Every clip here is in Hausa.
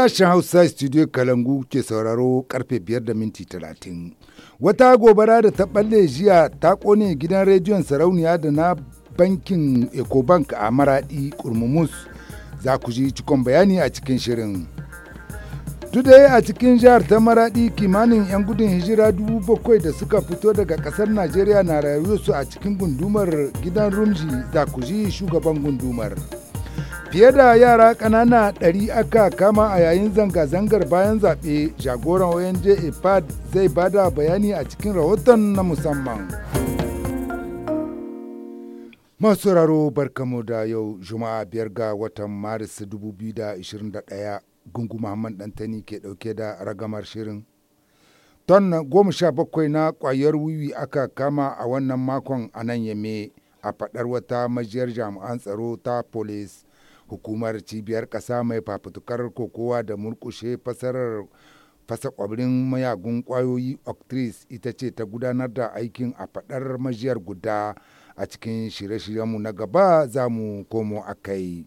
Sashen Hausa Studio Kalangu ke sauraro karfe 5 da minti 30. Wata gobara da ta balle jiya ta kone gidan rediyon sarauniya da na bankin Ecobank a Maradi Kurmumus. Za ku ji cikon bayani a cikin shirin. Today a cikin jihar ta Maradi kimanin 'yan gudun hijira dubu bakwai da suka fito daga kasar Najeriya na rayuwarsu a cikin gundumar gidan Rumji za ku ji shugaban gundumar. Fiye da yara ƙanana ɗari aka kama a yayin zanga-zangar bayan zaɓe jagoran ONG IPAD zai bada bayani a cikin rahoton na musamman. Masu raro barkamu da yau Juma'a biyar ga watan Maris 2021 Gungu Muhammad Dantani ke ɗauke da ragamar shirin. Ton goma sha bakwai na kwayar wiwi aka kama a wannan makon a nan yame a faɗar wata majiyar jami'an tsaro ta police. hukumar cibiyar ƙasa mai fafutukar kokowa da murkushe fasarar fasa kwabirin mayagun kwayoyi octris ita ce ta gudanar da aikin a fadar majiyar guda a cikin shirye-shiryenmu na gaba za mu komo a kai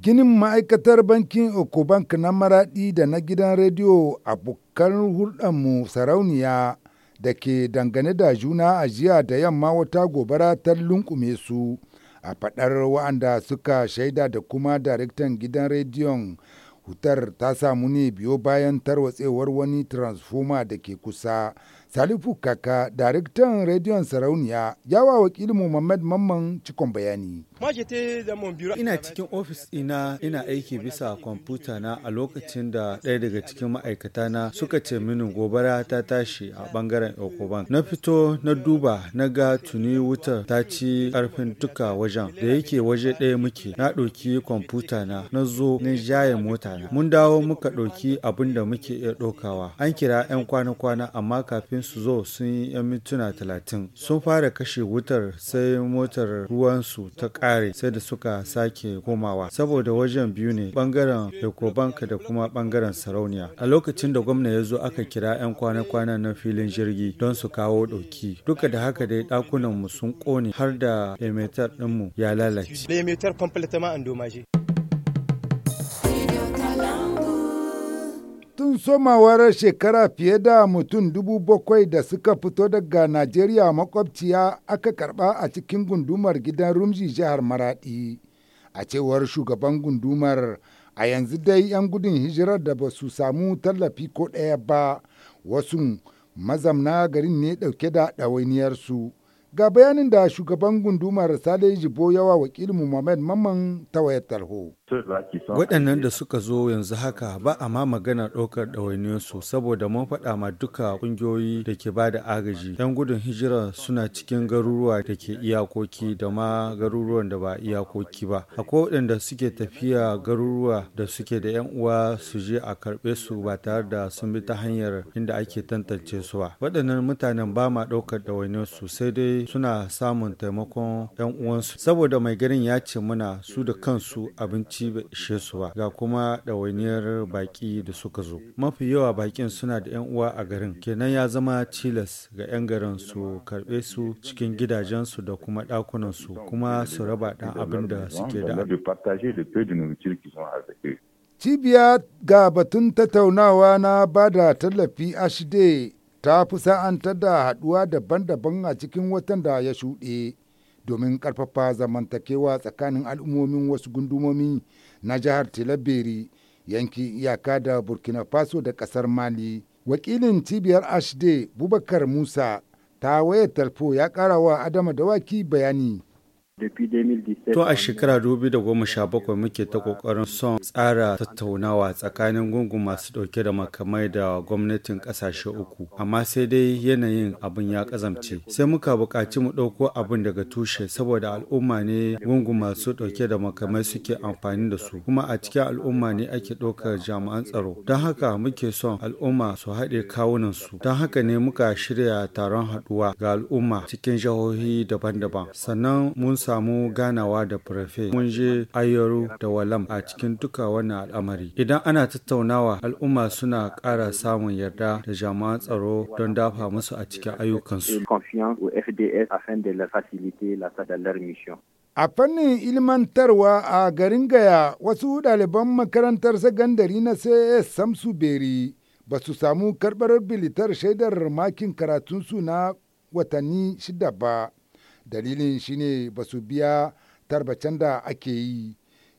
ginin ma'aikatar bankin okobank na maraɗi da na gidan rediyo abokan hulɗarmu sarauniya da ke dangane da juna a jiya da yamma wata gobara ta lunkume su a faɗar wa'anda suka shaida da kuma daraktan gidan rediyon hutar ta samu ne biyo bayan tarwatsewar wani transfoma da ke kusa salifu kaka daraktan rediyon sarauniya yawa wakilin muhammad mamman cikon bayani Ina cikin ofis ina ina aiki bisa kwamfuta na a lokacin da ɗaya daga cikin ma'aikata na suka ce mini gobara ta tashi a bangaren Ecobank. Na fito na duba na ga tuni wutar ta ci ƙarfin tuka wajen da yake waje ɗaya muke. Na ɗauki kwamfuta na na zo na jaye mota na. Mun dawo muka ɗauki abin da muke iya ɗaukawa. An kira 'yan kwana-kwana amma kafin su zo sun yi 'yan mintuna talatin. Sun fara kashe wutar sai motar ruwansu ta ƙara kare sai da suka sake komawa saboda wajen biyu ne bangaren ecobank da kuma bangaren sarauniya a lokacin da gwamna ya zo aka kira 'yan kwana-kwana na filin jirgi don su kawo ɗauki duka da haka dai ɗakunan mu sun kone har da emetar ɗinmu ya lalace. Tun somawar shekara fiye da mutum dubu bakwai da suka fito daga Najeriya makwabciya aka karba a cikin gundumar gidan Rumji jihar Maradi. A cewar shugaban gundumar a yanzu dai 'yan gudun hijirar da ba su samu tallafi ko ɗaya ba wasu mazamna garin ne ɗauke da ɗawainiyarsu. Ga bayanin da shugaban gundumar Sale Jibo yawa wakilinmu Mohamed Mamman ta wayar tarho. Waɗannan da suka zo yanzu haka ba a ma magana ɗaukar ɗawainiyarsu saboda mun faɗa ma duka ƙungiyoyi da ke ba da agaji. 'Yan gudun hijira suna cikin garuruwa da ke iyakoki da ma garuruwan da ba iyakoki ba. Akwai waɗanda suke tafiya garuruwa da suke da 'yan uwa su je a karɓe su ba tare da sun bi ta hanyar inda ake tantance su ba. Waɗannan mutanen ba ma ɗaukar ɗawainiyarsu sai dai suna samun taimakon 'yan uwansu saboda mai garin ya ce muna su da kansu abinci bai ishe su ba ga kuma ɗawainiyar baƙi da suka zo mafi yawa baƙin suna da 'yan uwa a garin kenan ya zama cilas ga 'yan garin su karɓe su cikin gidajensu da kuma ɗakunansu kuma su raba ɗan abin da suke da cibiya ga batun tattaunawa na bada tallafi ashide ta fi sa'antar da haɗuwa daban-daban a cikin watan da ya shuɗe domin ƙarfafa zamantakewa tsakanin al'ummomin wasu gundumomi na jihar tilaberi yanki iyaka da burkina faso da ƙasar mali wakilin cibiyar ashde bubakar musa ta wayar talfo ya ƙara wa adama dawaki bayani Tun a shekara da 2017 muke ta kokarin son tsara tattaunawa tsakanin gungun masu dauke da makamai da gwamnatin kasashe uku, amma sai dai yanayin abin ya kazamce. Sai muka buƙaci mu ɗauko abin daga tushe saboda al'umma ne gungun masu dauke da makamai suke amfani da su, kuma a cikin al'umma ne ake ɗaukar jami'an tsaro. Don haka muke son al'umma su haɗe kawunan su. Don haka ne muka shirya taron haɗuwa ga al'umma cikin jihohi daban-daban. Sannan mun samu ganawa da firafe mun je ayyaru da walam a cikin duka wannan al'amari. Idan ana tattaunawa al'umma suna ƙara samun yarda da jama'a tsaro don dafa musu a cikin ayyukansu. A fannin ilmantarwa a garin Gaya wasu ɗaliban makarantar sakandare na CS Samsu Beri ba su samu karɓar bilitar shaidar makin karatunsu na watanni shida ba. dalilin shine ba su biya tarbacen da ake yi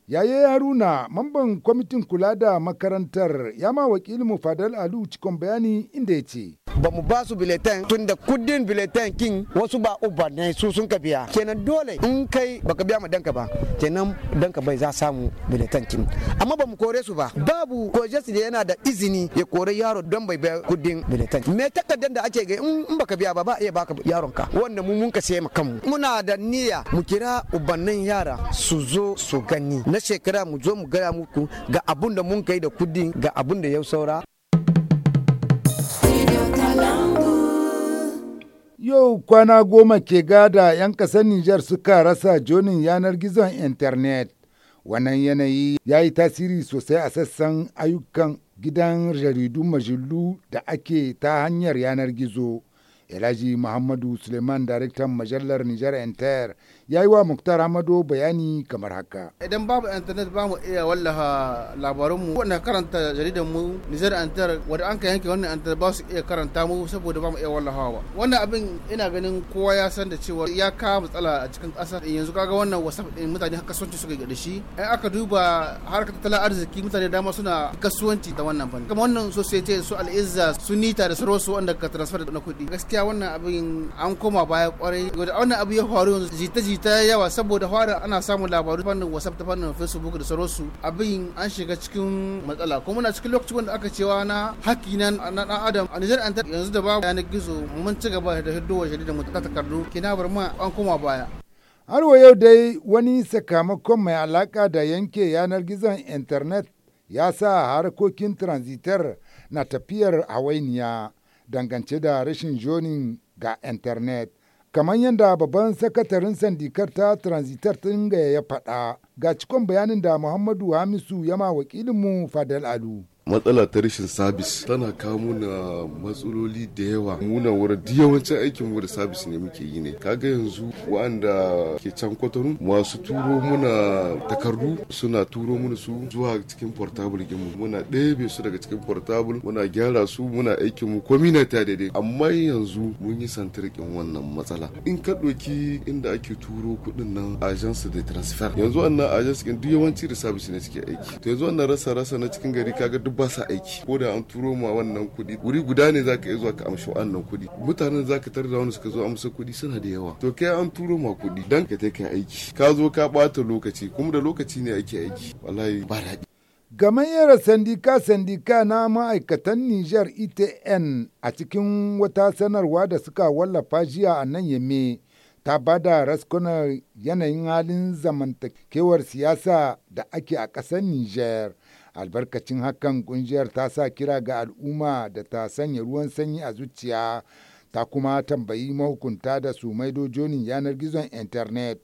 yaye haruna mamban kwamitin kula da makarantar ya ma wakilin mu fadal alu cikon bayani inda ya ce ba mu ba su biletan tun da kudin biletin kin wasu ba uba ne su sun ka biya kenan dole in kai baka biya ma danka ba kenan danka bai za samu biletan kin amma ba mu kore su ba babu ko da yana da izini ya kore yaro don bai biya kudin biletin me takardar da ake ga in baka biya ba ba iya baka yaron ka wanda mu mun ka sai mu kanmu muna da niyya mu kira ubannin yara su zo su gani na shekara mu zo mu gaya muku ga abun da mun kai da kudin ga abun da ya saura Yau kwana goma ke gada 'yan ƙasar Nijar suka rasa jonin yanar gizon intanet. Wannan yanayi ya yi tasiri sosai a sassan ayyukan gidan jaridu majalu da ake ta hanyar yanar gizo. Elaji Muhammadu Suleiman daraktan majalar Nijar Enter ya yi wa Muktar Amado bayani kamar haka. Idan babu internet ba mu iya wallafa labarunmu wanda karanta jaridar mu Nizar Antar wanda an ka yanke wannan Antar ba su iya karanta mu saboda ba mu iya ba. Wannan abin ina ganin kowa ya san da cewa ya kawo matsala a cikin ƙasa yanzu kaga wannan WhatsApp din mutane ci suka ga shi. Ai aka duba harkar tattalin arziki mutane dama suna kasuwanci da wannan fanni. Kamar wannan society su al'izza su nita da sauransu wanda ka transfer na kuɗi. Gaskiya wannan abin an koma baya kwarai. Wanda wannan abu ya faru yanzu jita aji ta yawa saboda fara ana samun labaru fannin whatsapp ta fannin facebook da sauransu abin an shiga cikin matsala kuma na cikin lokacin wanda aka cewa na haƙƙi na ɗan adam a nijar an yanzu da babu yanar gizo mun ci gaba da hiddowar shari'a ta takardu kina bar ma an koma baya har wa yau dai wani sakamakon mai alaka da yanke yanar gizon intanet ya sa harkokin transitar na tafiyar hawainiya dangance da rashin jonin ga intanet kamar yadda babban sakataren sandikar ta transitar tinga ya faɗa ga cikon bayanin da muhammadu hamisu ya yama wakilinmu fadal alu matsala ta rashin sabis tana kamo na matsaloli da yawa muna wurin yawancin aikin mu da sabis ne muke yi ne kaga yanzu wanda ke can kwatanu masu turo muna takardu suna turo muna su zuwa cikin portable mu muna ɗebe su daga cikin portable muna gyara su muna aikin mu komi na ta daidai amma yanzu mun yi santirkin wannan matsala in ka ɗauki inda ake turo kuɗin nan agence de transfer yanzu wannan agence duk yawanci da sabis ne suke aiki to yanzu wannan rasa rasa na cikin gari kaga duk duk ba sa aiki ko da an turo ma wannan kuɗi wuri guda ne zaka iya zuwa ka amshi wannan kuɗi mutanen zaka tar da wani suka zo amsa kuɗi suna da yawa to kai an turo ma kuɗi dan ka kai aiki ka zo ka bata lokaci kuma da lokaci ne ake aiki wallahi ba daɗi Gamayyar sandika-sandika na ma'aikatan niger ETN a cikin wata sanarwa da suka wallafa jiya a nan yame ta bada raskunar yanayin halin zamantakewar siyasa da ake a ƙasar niger. albarkacin hakan kungiyar ta sa kira ga al'umma da ta sanya ruwan sanyi a zuciya ta kuma tambayi mahukunta da su maido jonin yanar gizon intanet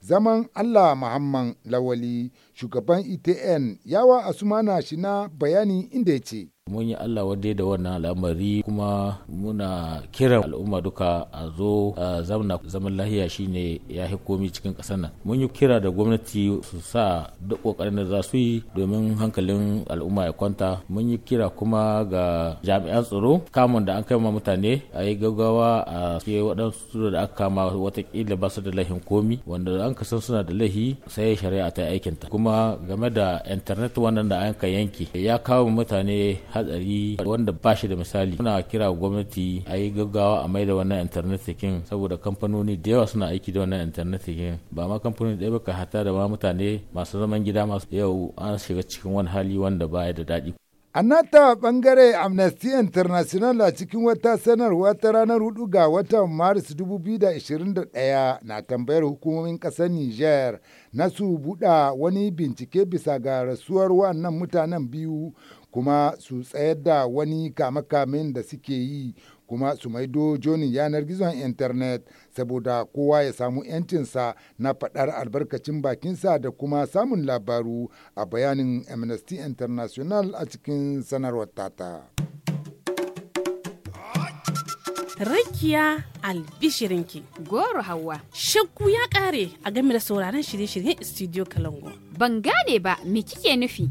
zaman allah muhammad lawali shugaban etn yawa asumana shi na bayani inda ya ce mun yi Allah wadai da wannan al'amari kuma muna kiran al'umma duka a zo a zamana zaman lahiya shine ya fi komi cikin ƙasar nan mun yi kira da gwamnati su sa duk ƙoƙarin da za su yi domin hankalin al'umma ya kwanta mun yi kira kuma ga jami'an tsaro kamun da an kai ma mutane a yi gaggawa a fiye waɗansu da aka kama watakila ba su da laifin komi wanda an kasan suna da lahi. sai shari'a ta aikinta kuma game da intanet wannan da an ka yanke ya kawo mutane hatsari wanda ba shi da misali muna kira gwamnati a yi gaggawa a maida wannan internet hacking saboda kamfanoni da yawa suna aiki da wannan internet ba ma kamfanoni ɗaya ba ka hata da ma mutane masu zaman gida masu yau an shiga cikin wani hali wanda baya da daɗi A nata bangare Amnesty International a cikin wata sanarwa ta ranar 4 ga watan Maris 2021 na tambayar hukumomin ƙasar Niger na su buɗa wani bincike bisa ga rasuwar wannan mutanen biyu kuma su tsayar da wani kame-kamen da suke yi kuma su maido jonin yanar gizon intanet saboda kowa ya samu 'yancinsa na faɗar albarkacin bakinsa da kuma samun labaru a bayanin amnesty international a cikin sanarwar tata. Rakiya albishirinki goro hawa shakku ya kare a game da sauraron shirye-shiryen studio kalango ban gane ba me kike nufi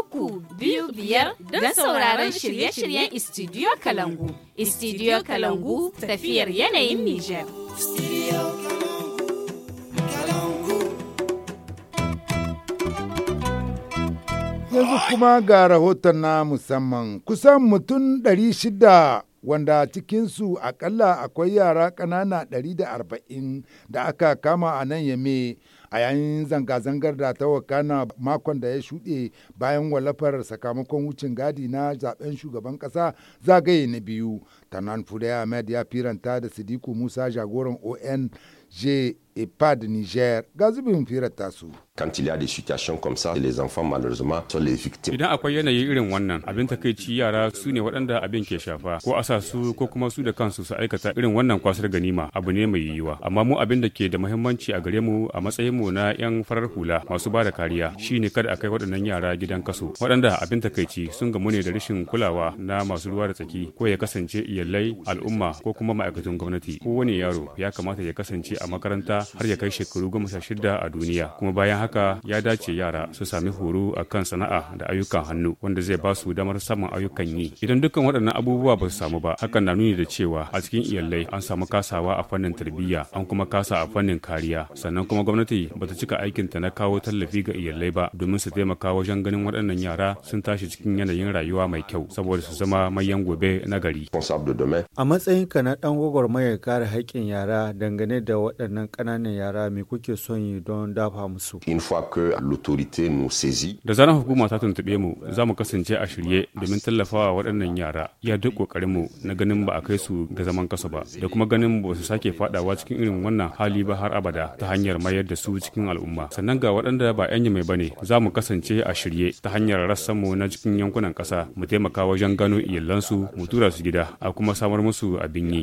uku biyu biyar don sauraron shirye-shiryen Studio Kalangu. Studio Kalangu tafiyar yanayin Nijar. Yanzu kuma ga rahoton na musamman kusan mutum shida. wanda cikinsu akalla akwai yara ƙanana 140 da aka kama a nan yame a yayin zanga-zangar da ta wakana makon da ya shuɗe bayan wallafar sakamakon wucin gadi na zaben shugaban ƙasa zagaye na biyu tanan fude ahmed ya firanta da sidiku musa jagoran on j ipad e niger ga zubin firar su. quand il y a des situations comme ça les enfants malheureusement sont les victimes idan akwai yanayi irin wannan abin takeici yara su ne waɗanda abin ke shafa ko a su ko kuma su da kansu su aikata irin wannan kwasar ganima abu ne mai yiwuwa amma mu abin da ke da muhimmanci a gare mu a matsayin mu na yan farar hula masu ba da kariya shine kada a kai waɗannan yara gidan kaso waɗanda abin takeici sun gamu ne da rashin kulawa na masu ruwa da tsaki ko ya kasance iyalai al'umma ko kuma ma'aikatan gwamnati kowane yaro ya kamata ya kasance a makaranta har ya kai shekaru goma sha shida a duniya kuma bayan haka ya dace yara su sami horo a kan sana'a da ayyukan hannu wanda zai ba su damar saman ayyukan yi. Idan dukkan waɗannan abubuwa ba su samu ba, hakan na nuni da cewa a cikin iyalai an samu kasawa a fannin tarbiyya, an kuma kasa a fannin kariya. Sannan kuma gwamnati ba ta cika aikinta na kawo tallafi ga iyalai ba domin su taimaka wajen ganin waɗannan yara sun tashi cikin yanayin rayuwa mai kyau saboda su zama manyan gobe na gari. A ka na ɗan gwagwarmayar kare haƙƙin yara dangane da waɗannan ƙananan yara me kuke son yi don dafa musu? Da zaran hukuma ta tuntuɓe mu za mu kasance a shirye domin tallafawa waɗannan yara ya duk mu na ganin ba a kai su ga zaman kasa ba da kuma ganin ba su sake faɗawa cikin irin wannan hali ba har abada ta hanyar mayar da su cikin al'umma. Sannan ga waɗanda ba 'yan mai bane za mu kasance a shirye ta hanyar rassan mu na cikin yankunan ƙasa mu taimaka wajen gano iyalansu mu tura su gida a kuma samar musu abin yi.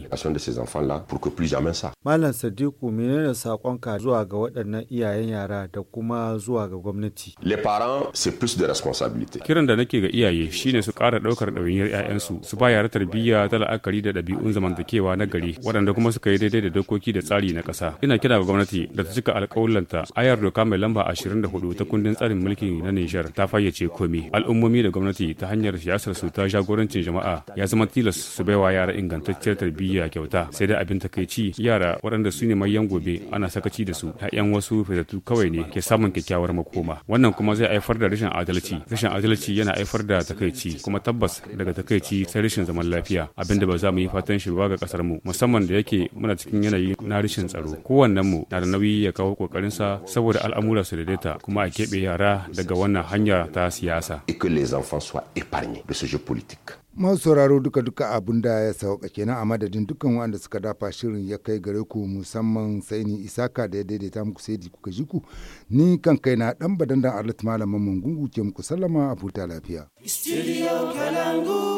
Malam Sadiku menene saƙonka zuwa ga waɗannan iyayen yara da kuma zuwa ga gwamnati. parents plus de responsabilité. Kiran da nake ga iyaye shine su kara ɗaukar ɗawainiyar 'ya'yansu su ba yara tarbiyya ta la'akari da ɗabi'un zamantakewa na gari wadanda kuma suka yi daidai da dokoki da tsari na ƙasa. Ina kira ga gwamnati da ta cika alƙawullanta ayar doka mai lamba 24 ta kundin tsarin mulki na Nijar ta fayyace komi. Al'ummomi da gwamnati ta hanyar siyasar su ta jagorancin jama'a ya zama tilas su baiwa yara ingantacciyar tarbiyya kyauta sai da abin takaici yara waɗanda su ne mayan gobe ana sakaci da su 'ya'yan wasu fitattu kawai ne ke samun kyakkyawar makoma wannan kuma zai haifar da rashin adalci rashin adalci yana haifar da takaici kuma tabbas daga takaici sai rashin zaman lafiya abinda ba za mu yi fatan shi ba ga kasar mu musamman da yake muna cikin yanayi na rashin tsaro kowannen mu na da nauyi ya kawo kokarin sa saboda al'amura su daidaita kuma a keɓe yara daga wannan hanya ta siyasa masu sauraro duka-duka abun da ya sauka kenan a madadin dukkan wanda suka dafa shirin ya kai gare ku musamman sai ni isaka da ya daidaita muku sai di kuka ji ku ni kan kai na dan badandan arlit malamin mun gungu ke muku sallama a lafiya. Studio Kalangu.